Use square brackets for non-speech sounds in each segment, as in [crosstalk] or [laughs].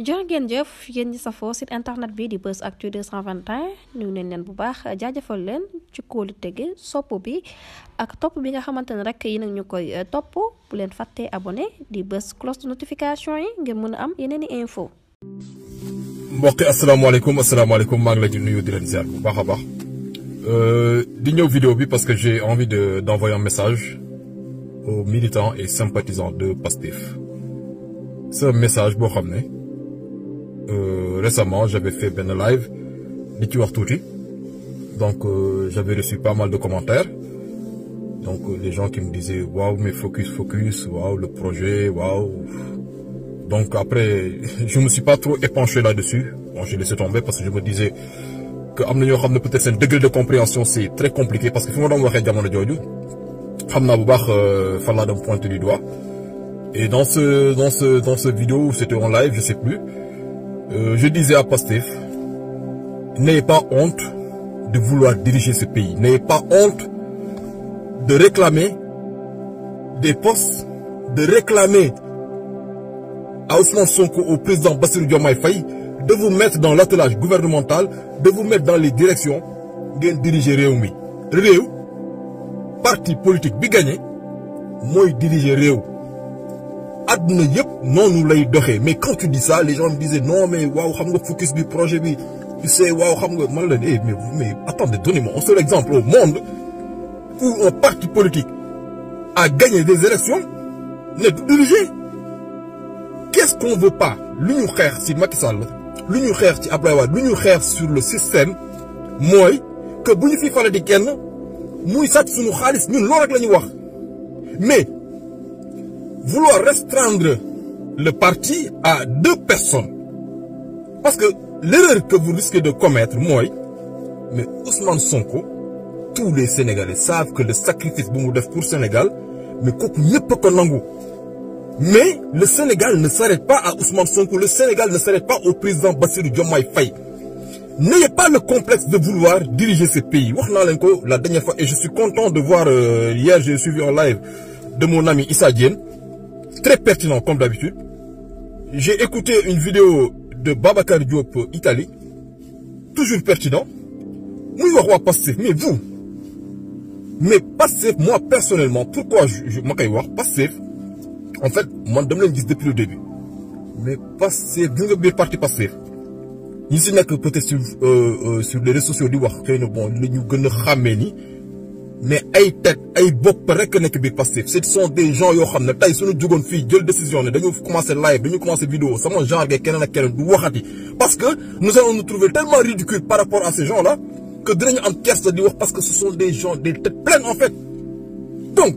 jërë ngeen jëf yéen ñi safoo site internet bi di Buzz Actu 221 ñu neen leen bu baax jaajëfal leen ci kóolu tege sopp bi ak topp bi nga xamante ne rek yi nag ñu koy eh, topp bu leen fàttee abonné di bës cloche de notification yi ngir mën a am yeneen i info mbokki asalaamaaleykum asalaamaaleykum maa ngi la di nuyu di leen ziar bu baax a baax euh, di ñëw vidéo bi parce que j'ai envie de d'envoyer un message aux militants et sympathisants de Pastef c'est un message boo xam ne Euh, récemment j'avais fait benn live di ci wax tuuti donc euh, j'avais reçu pas mal de commentaires donc les euh, gens qui me disaient waaw mais focus focus waaw le projet waaw donc après [laughs] je me suis pas trop épanché là-dessus bon j'ai tomber parce que je me disais que am na ñoo xam ne peut-être seen degré de compréhension c'est très compliqué parce que fi ma doon jamono jooju xam naa bu baax fan laa doon pointer du doigt et dans ce dans ce c'était en live je sais plus Euh, je disais à Pastef, n'ayez pas honte de vouloir diriger ce pays. N'ayez pas honte de réclamer des postes, de réclamer à Ousmane Sonko, au président Bassirou Diomaye Faye, de vous mettre dans l'attelage gouvernemental, de vous mettre dans les directions ngeen diriger réew mi. réew parti politique bi gagné mooy diriger réew. adduna yëpp noonu lay doxee mais quand tu dis ça les gens disaient non mais waaw xam nga focus bi projet bi tu sais waaw xam nga man la eh mais mais attendez donnez-moi un seul exemple au monde où un parti politique à gagné des élections n'est plus dirigé qu'est-ce qu'on veut pas lu ñu xeex ci Macky Sall xeex ci Abdoulaye Wade lu ñu xeex sur le système mooy que bu ñu fi fale di kenn muy sàcc suñu xaalis ñun loolu rek la ñu wax mais vouloir restreindre le parti à deux personnes parce que l'erreur que vous risquez de commettre mooy mais Ousmane Sonko tous les Sénégalais savent que le sacrifice bu mu def pour Sénégal mais kooku ñëpp a ko mais le Sénégal ne s'arrête pas à Ousmane Sonko le Sénégal ne s'arrête pas au président Bassirou Diomaye Faye n'ayez pas le complexe de vouloir diriger ce pays wax naa leen ko la dernière fois et je suis content de voir euh, hier j'ai suivi en live de mon très pertinent comme d'habitude. J'ai écouté une vidéo de Babacar Diop Italie toujours pertinent muy wax waa Pastef mais vous mais Pastef moi personnellement pourquoi je ma en fait man dama leen gis depuis le début mais Pastef bi nga biir parti Pastef ñi si nekk peut-être sur euh, euh, sur les réseaux sociaux di wax xëy na bon la ñu gën a xàmmee mais ay tête ay bopp rek nekk biir Pastef si sont des gens yoo xam ne tey suñu jugoon fii jël décision ne dañu commencé live dañu commencé vidéo sama genre ge keneen ak keneen du waxati parce que nous allons nous trouver tellement ridicules par rapport à ces gens là que dinañu am kersa di wax parce que ce sont des gens des têtes pleines en fait donc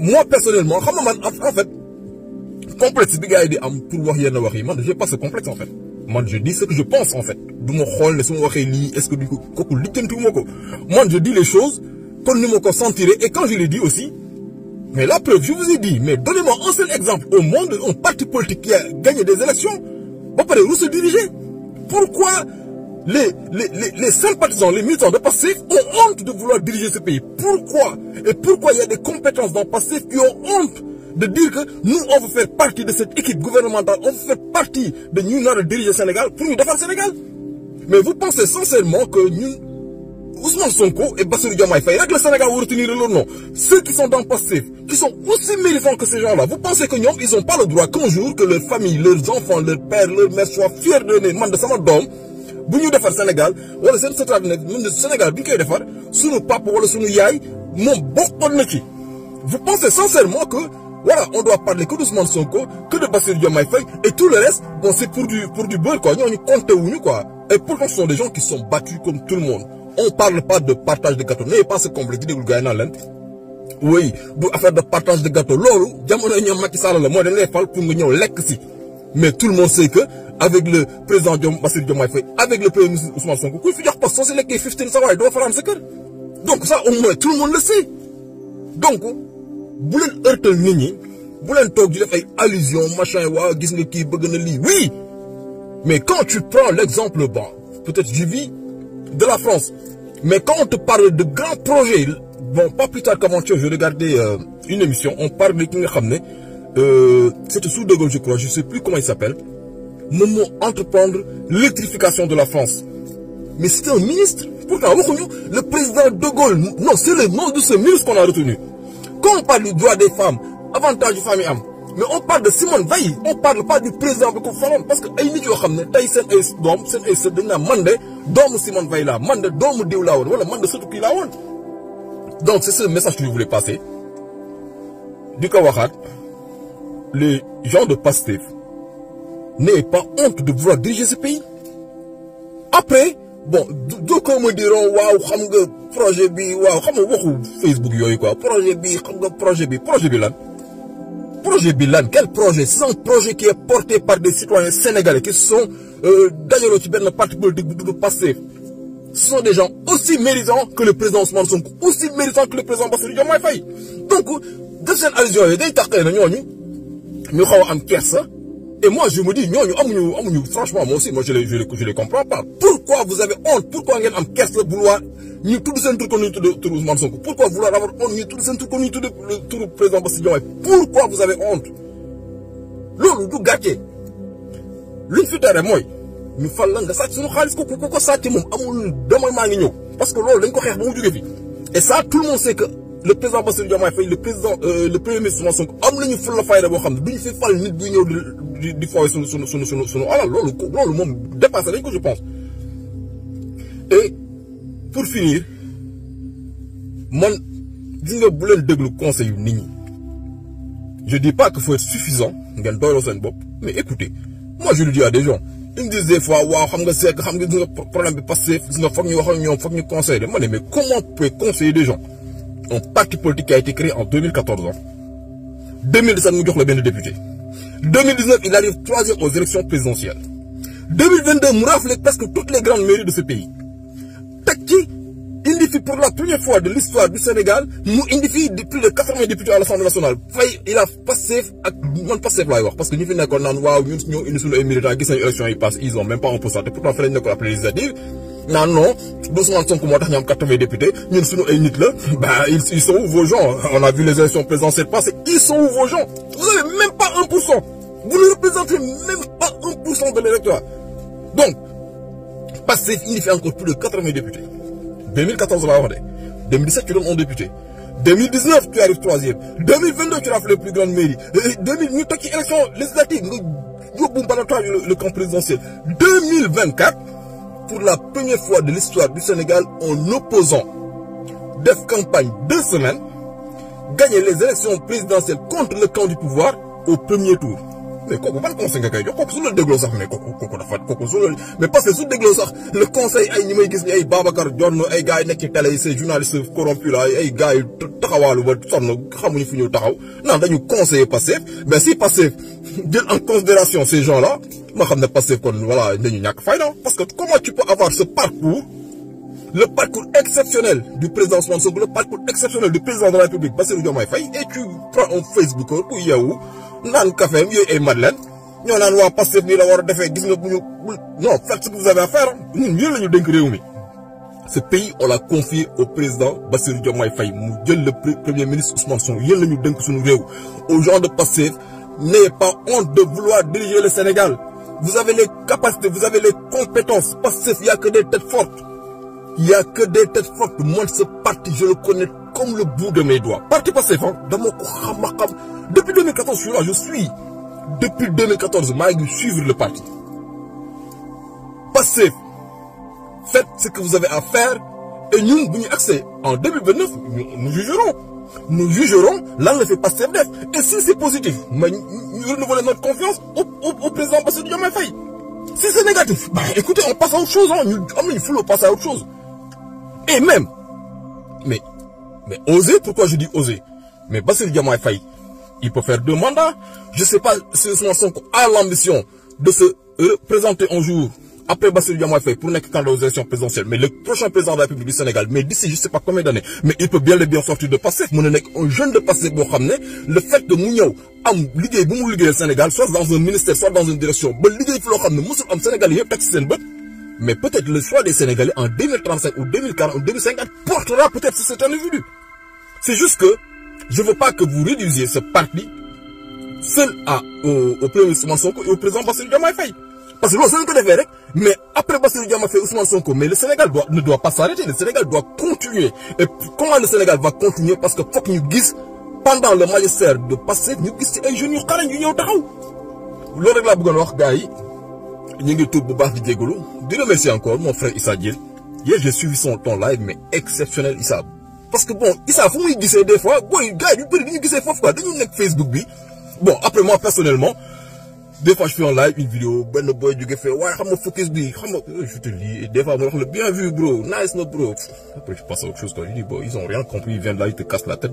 moi personnellement xam na man en fait complexe bi gars yi di am pour wax yenn wax yi man j'ai pas ce complexe en fait man je que je pense ma xool ne su ma waxee lii est-ce que duñ ko kooku lijjantiwuma ko man kon ni ma ko et quand je l'ai dit aussi mais la preuve je vous ai dit mais donnez-moi un seul exemple au monde un parti politique qui a gagné des élections ba pare ru se pourquoi les les les les sympathisants les militants de Pastef ont honte de vouloir diriger ce pays pourquoi il y a des compétences dans Pastef qui ont honte de dire que nous on veut faire partie de cette équipe gouvernementale on veut faire partie de ñu nar a diriger Sénégal pour ñu defar Sénégal mais vous pensez sincèrement ñun Ousmane Sonko et e Diomaye Faye rek le Sénégal va leur nom ceux qui sont dans Pastef qui sont aussi méritants que ces gens-là vous pensez que ñoom ils ont pas le droit qu'un que leur famille leurs enfants leur père leur mère soient fiers de ne man de sama doom bu ñu defar Sénégal wala seen sataat ne mën Sénégal bi ñu koy defar suñu papa wala suñu yaay moom bokkoon na ci vous pensez sincèrement que voilà on doit parler que de Bassirou Diomaye Faye et tout on parle pas de partage de gâteau n'ayez pas ce complexe partage de gâteau loolu jamono ñoom Macky Sall la moo dañ lay fal pour nga ñëw lekk si mais tout le monde sait que avec le président Diom Bassirou Diomaye avec le premier ministre Ousmane Sonko kuy fi jox poste soo si lekkee fifteen sa waay doo faraan sa kër donc ça au moins le monde le sait donc bu leen heurtal nit ñi bu leen toog di def ay allusion machin waa gis nga kii bëgg na lii oui mais quand tu prends l'exemple bon peut-être je vis de la France Mais quand on te parle de grands projets, bon, pas plus tard quavant je regardais euh, une émission, on parle de ki nga xam ne euh, c'était sous De Gaulle, je crois, je sais plus comment il s'appelle, moom moo entreprendre l'électrification de la France. Mais c'est un ministre, pourtant waxuñu le président De Gaulle, non, c'est le nom de ce ministre qu'on a retenu. Quand on parle du droit des femmes, avantage yu femmes yi am, mais on parle de Simone Veil, on parle pas président bi parce que ay nit xam ne ay doom seen man de doomu Simone Veil laa man de doomu diw laa woon wala man de surtout kii laa woon donc c'est ce message que je voulais passer di ko waxaat les gens de Pastef n'aient pas honte de vouloir diriger ce pays après bon du ko ma diront waaw xam nga projet bi waaw xam nga waxu Facebook yooyu quoi projet bii xam nga projet bi projet bi lan projet bi lan quel projet c'est un projet qui est porté par des citoyens sénégalais qui sont euh, dajaloo ci benn parti politique bu sont des gens aussi méritants que le président Ousmane Sonko aussi méritants que le président Bassirou Diomaye donc def seen allusion yooyu day tax xëy na ñooñu ñu xaw a am et moi je me dis ñooñu amuñu amuñu franchement moi aussi moi je les comprends pas pourquoi vous avez honte pourquoi ngeen am kersa vouloir ñu tudd seen tur kon ñu tudd tur Ousmane Sonko pourquoi vouloir ñu tudd seen tudd président Bassirou Diomaye pourquoi vous avez honte loolu fi tere mooy ñu fal la nga sàcc suñu xaalis ko ku ko sàcc moom amul maa ngi ñëw parce que loolu dañ ko xeex ba le monde euh, am nañu fulla boo xam ne duñu fi fal nit buy ñëw di di fooy suñu suñu suñu suñu suñu alal loolu loolu moom dépassé nañ ko je pense pour finir man gis nga bu leen déglu conseil yu nit ñi je dis pas que faut être suffisant ngeen doyloo seen bopp mais écoutez moi je le dis à des gens ils waaw xam nga seeg xam nga gis nga problème bi passé gis nga foog ñu wax ak ñoom foog ñu conseiller ma ne mais comment peut conseiller des gens un parti politique qui a été créé en 2014 ans 2017 mu jox la benn député il arrive troisième aux élections présidentielles 2022 mu rafle presque toutes les grandes fi pour la première fois de l'histoire du Sénégal mu indi fii plus de quatre-vingts députés à l'Assemblée nationale fay il a Pastef ak man Pastef laay wax parce que ñu fi nekkoon naan waaw ñun ñoo indi suñu ay militants gis nañu élection yi passe ils ont même pas un pour cent te pourtant fa lañ nekkoon après législative naan non Ousmane Sonko moo tax ñu am quatre-vingts députés ñun suñu ay nit la bah ils sont où vos gens on a vu les élections présidentielles passées ils sont où vos gens vous avez même pas un pour cent vous ne représentez même pas un pour cent de l'électorat donc Pastef indi fi encore plus de quatre-vingts députés 2014 laa wax de 2017 tu donnes un député 2019 tu arrives troisième 2022 tu rafles les plus grandes mairies 2000 euh, ñu toog ci élection législative nga yóbbu mbalatoire le camp présidentiel 2024 de l'histoire du Sénégal en opposant def campagne deux semaines gagner les élections au premier mais kooku ban conseil nga koy jox kooku su la dégloo sax mais kooku kooku dafa kooku su la mais parce que su dégloo sax le conseil ay ñi may gis ni ay Babacar Jonn ay gars yi nekk ci télé yi ces journalistes corrompus là ay taxawaalu ba sonn xamuñu fu ñu taxaw naan dañu conseiller Pastef mais si Pastef [laughs] jël en considération ces gens là ma xam ne Pastef kon voilà dañu ñàkk fayda parce que comment tu peux avoir ce parcours le parcours exceptionnel du président Ousmane Sonko naan kafeem yooyu ay madeleine ñoo naan waa Pastef nii la war a defee gis nga bu ñu non faites ce que vous avez à faire ñun ñun la ñu dénk réew mi. ce pays on l'a confié au président Bassirou Diomaye mu jël le premier ministre Ousmane Sonko yéen la ñu dénk suñu réew aux de Pastef n'ayez pas honte de vouloir diriger le Sénégal vous avez les capacités vous avez les compétences Pastef il y a que des têtes fortes il y a que des parti je le connais comme le bout de mes doigts parti Pastef dama ko xam ma xam depuis 2014 je suis depuis 2014 maa suivre le parti Pastef faites ce que vous avez à faire et ñun bu ñu accès en 2029 nous jugerons nous jugerons lan la fi Pastef def et si c'est positif ma ñu renouveler notre confiance au au au président Bassirou Diomaye Faye si c'est négatif bah écoutez on passe à autre chose et même Mais oser, pourquoi je dis oser Mais Bassir Diomaye Faye, il peut faire deux mandats. Je ne sais pas si Ousmane Sonko a l'ambition de se représenter un jour après Bassir Diomaye Faye pour nekk candidat aux présidentielles mais le prochain président de la République du Sénégal mais d'ici je sais pas combien d'années mais il peut bien le bien sortir de Pastef mën na nekk un jeune de Pastef boo xam ne le fait que mu am liggéey bu Sénégal soit dans un ministère yëpp teg ci seen Mais peut-être le choix des Sénégalais en 2035 ou 2040 ou 2050 portera peut-être sur cet C'est juste que je ne veux pas que vous réduisiez ce parti seul à, au, au premier Ousmane Sonko et au président Bassirou Diomaye Faye. Parce que loolu su ñu ko defee rek mais après Bassirou Diomaye Faye Ousmane Sonko mais le Sénégal doit ne doit pas s'arrêter le Sénégal doit continuer et comment Sénégal va continuer parce que foog ñu gis pendant le magistère de Pastef ñu gis ci ay yi ñu ngi tuub bu baax di jégalu. de remercier encore mon frère Issa Diène yéen j'ai suivi son ton live mais exceptionnel Issa parce que bon Issa fu muy gisee des fois booy gars yi ñu bëri dañu gisee foofu quoi dañu nekk Facebook bi bon après moi personnellement des je fais en live une vidéo benn booy jóge fee waaye xam nga bi xam nga euh, je te dis la bien bro nice na bro après je passe à autre chose quoi je dis ils ont rien compris ils viennent là ils te cassent la tête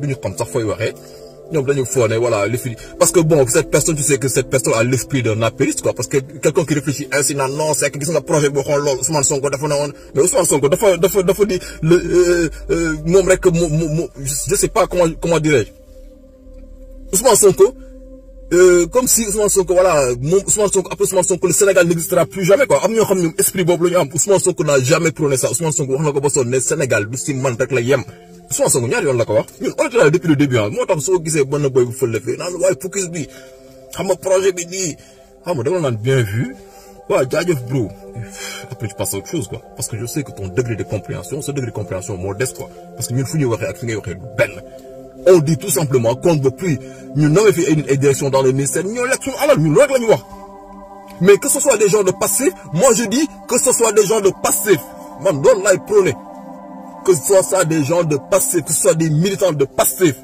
ñoom dañu foog ne voilà li parce que bon cette personne tu que cette personne a l'esprit d'un apériste quoi parce que quelqu'un qui réfléchit ainsi naan non que gis nga projet boo xool loolu Ousmane Sonko dafa ne woon mais Ousmane Sonko dafa dafa dafa di euh, euh, moom rek mu mu mu je sais pas comment comment dirais-je Ousmane Sonko Euh, comme si Ousmane Sonko voilà moom Ousmane Sonko après Ousmane Sonko le Sénégal n'existera plus jamais quoi am ñoo xam ne esprit boobu la ñu am Ousmane Sonko n'a jamais la yem. Ousmane Sonko ñaari yoon la ko wax ñun on était là depuis le début ah, moo tax soo gisee mën na boy bu fële fii naan waaye focus bi xam nga projet bi nii xam nga naan bien vu waaw jaajëf bro après tu passes autre chose quoi parce que je sais que ton degré de compréhension ce degré compréhension moo des parce que ñun fu ñuy waxee ak fi ngay waxee du on dit tout simplement qu'on ne veut plus ñu nommer fi ay nit ay direction dans les ministères ñoo lekk suñu wax mais que ce soit des gens de passif moi je de passif man que ce soit des de passif, que ce soit des militants de passif.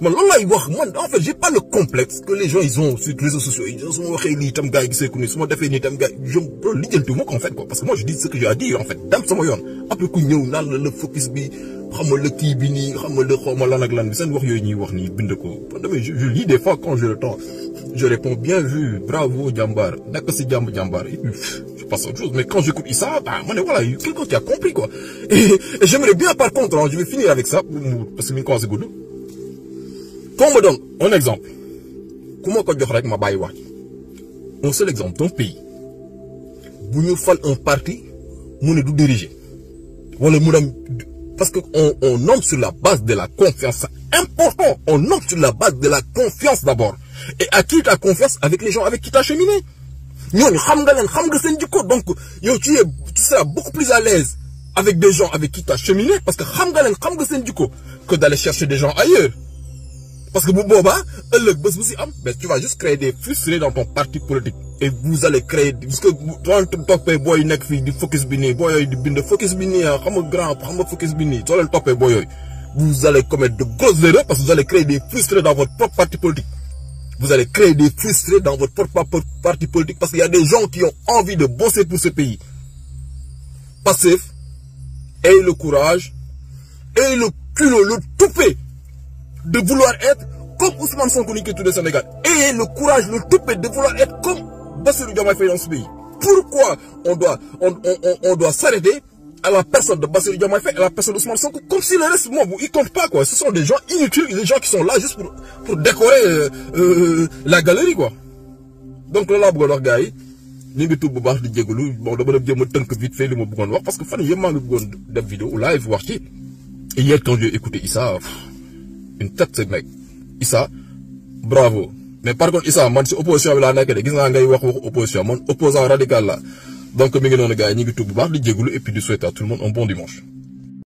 man loolu lay wax man en fait j'ai pas le complexe que les gens ils ont sur réseaux sociaux yi su ma waxee lii tam gars yi gisee su ma defee nii tam gars yi jom lijjantiwuma ko fait quoi parce que moi je dis ce que j'ai dire en fait dem sama yoon après ku ñëw naan la kii bi nii xam nga la xaw ma lan ak lan bi seen wax yooyu ñuy wax nii bind ko damay je je lis des fois quand j'ai le je réponds bien vu bravo jàmbaar nekk si jàmb jàmbaar et puis je passe à autre chose mais quand j'écoute Issa ah ma ne quelqu'un qui a compris quoi et, et par que mi ngi commencé Qu'on me donne un exemple. Comment qu'on dirait que ma baille Un seul exemple, ton pays. Si nous faisons en parti, nous ne diriger. Voilà, parce qu'on on nomme sur la base de la confiance. Important, on nomme sur la base de la confiance d'abord. Et acquis ta confiance avec les gens avec qui tu as cheminé. ñooñu xam nga leen xam nga seen jikko donc yow tu es tu seras beaucoup plus à l'aise avec des gens avec qui tu as parce que xam nga leen xam nga seen jikko que d'aller chercher des gens Parce que Bouboba, le boss aussi, mais tu vas juste créer des frustrés dans ton parti politique. Et vous allez créer, parce que tu top et boy, nek fi, focus bini, boy, du bin de focus bini, comme ah, grand, comme focus bini, tu le top et Vous allez commettre de grosses erreurs parce que vous allez créer des frustrés dans votre propre parti politique. parce qu'il y a des gens qui ont envie de bosser pour ce pays. Passif, ayez le courage, ayez le culot, le toupet de vouloir être comme Ousmane Sonko ni ñu koy tuddee Sénégal ayez le courage le toupet de vouloir être comme Bassirou Diomaye Faye dans ce pourquoi on doit on doit s'arrêter à la personne de Bassirou Diomaye Faye à la personne d'Ousmane Sonko comme si le reste moom bon, ils comptent pas quoi ce sont des gens inutiles des gens qui sont là juste pour décorer euh, euh, la galerie quoi donc loolu laa bëggoon wax gars yi ñu ngi tuub baax di jégalu bon dama dem jéem a tënk vite fait li ma bëggoon wax parce que fan une tête ce mec Issa bravo mais par Issa man si opposition bi laa nekk de gis naa ngay wax waxu opposition man opposant radical la donc mi ngi noonu gars yi ñu ngi tuub baax di jégalu et puis di souhaiter tout le monde un bon dimanche.